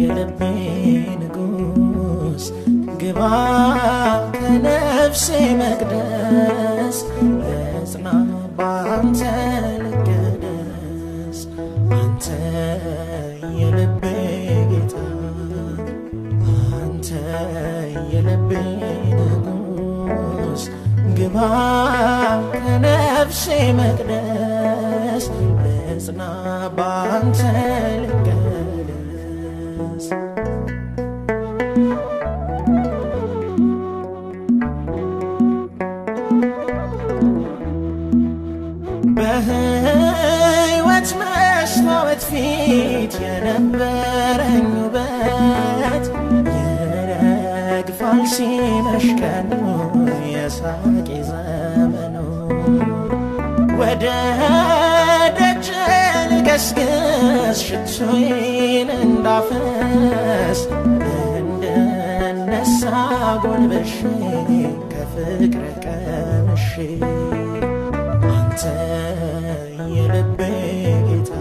የልቤ ንጉስ ግባ ከነፍሴ መቅደስ እጽና በአንተ ልገደስ አንተ የልቤ ጌታ አንተ የልቤ ንጉስ ግባ ከነፍሴ መቅደስ እጽና በአንተ ልገደስ Podcast. በህይወት መስታወት ፊት የነበረኝ ውበት ይረግፋል ሲመሽ ቀኑ ዘመኑ ወደ ደጅ ነሽ ሽቱዬን እንዳፈስ እንድነሳ ጎንበሽ ከፍቅር ቀምሽ አንተ የልቤ ጌታ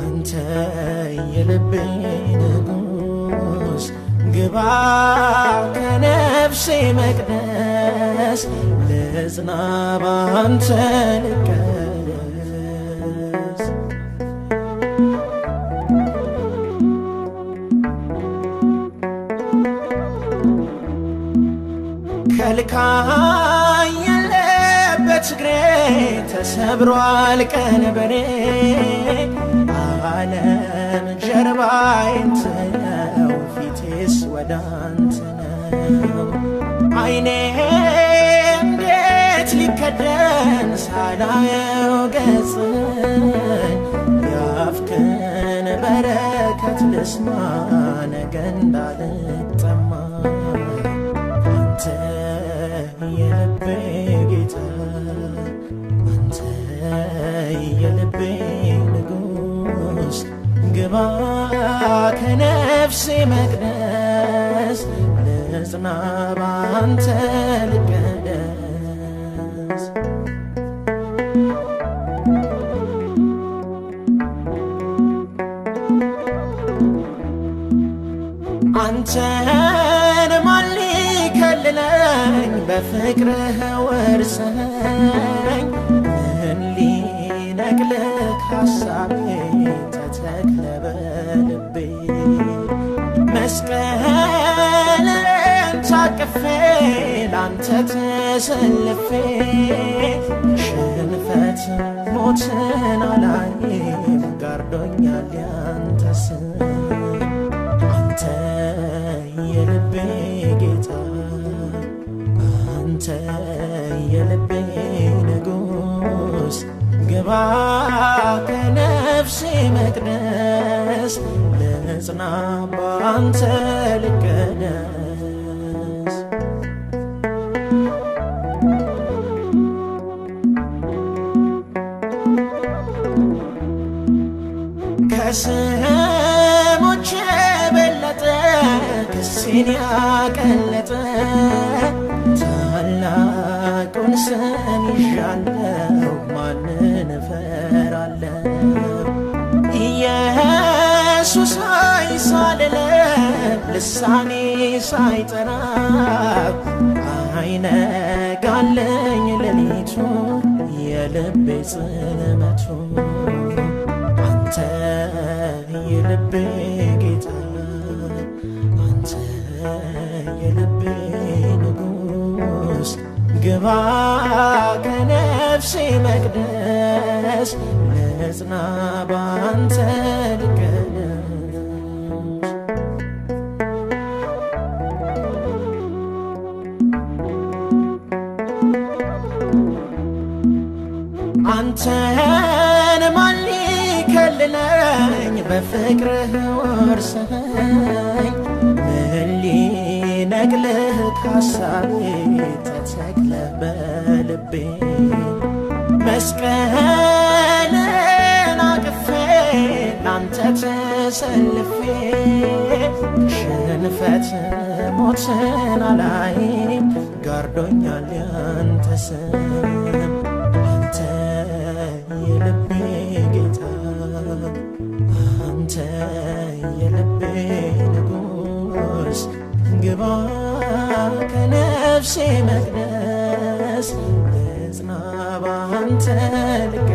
አንተ የልቤ ንጉስ ግባ ከነፍሴ መቅደስ ልጽና ባንተ ልቀ መልካም የለበት እግሬ ተሰብሯል ቀንበሬ አለም ጀርባዬ አንተ ነው ፊቴስ ወዳንት አንተ ነው ዓይኔ እንዴት ሊከደን ሳላየው ገጽ ያፍክን በረከት ልስማ ነገ እንዳልጠ ግባ ከነፍሴ መቅደስ ልጽና ባንተ ልቀደስ አንተን ማን ሊከልለኝ በፍቅርህ ወርሰኝ ምን ሊነቅልክ ሐሳቤ ተተክለ በልቤ መስቀልን ታቅፌ ላንተ ተሰልፌ ሽንፈት ሞትን አላይም ጋርዶኛል ያንተ ስም አንተ የልቤ ጌታ አንተ የልቤ ንጉሥ ግባ በነፍሴ መቅደስ ልጽና ባንተ ልቀደስ ከስሞቼ በለጠ ክሴን ያቀለጠ ታላቁን ስም ይዣለሁ ሱሳይ ሳልለብ ልሳኔ ሳይጠራ አይነጋለኝ ሌሊቱ የልቤ ጽልመቱ አንተ የልቤ ጌታ አንተ የልቤ ንጉስ ግባ ከነፍሴ መቅደስ ለጽና ባንተ በፍቅርህ ወርሰኝ ምን ሊነግልህ ካሳቤ ተተክለህ በልቤ መስቀልን አቅፌ ላንተ ተሰልፌ ሽንፈት ሞትን አላይም ጋርዶኛል ያንተ ስም አንተ የልቤ ግባ ከነፍሴ መቅደስ እጽና ባንተ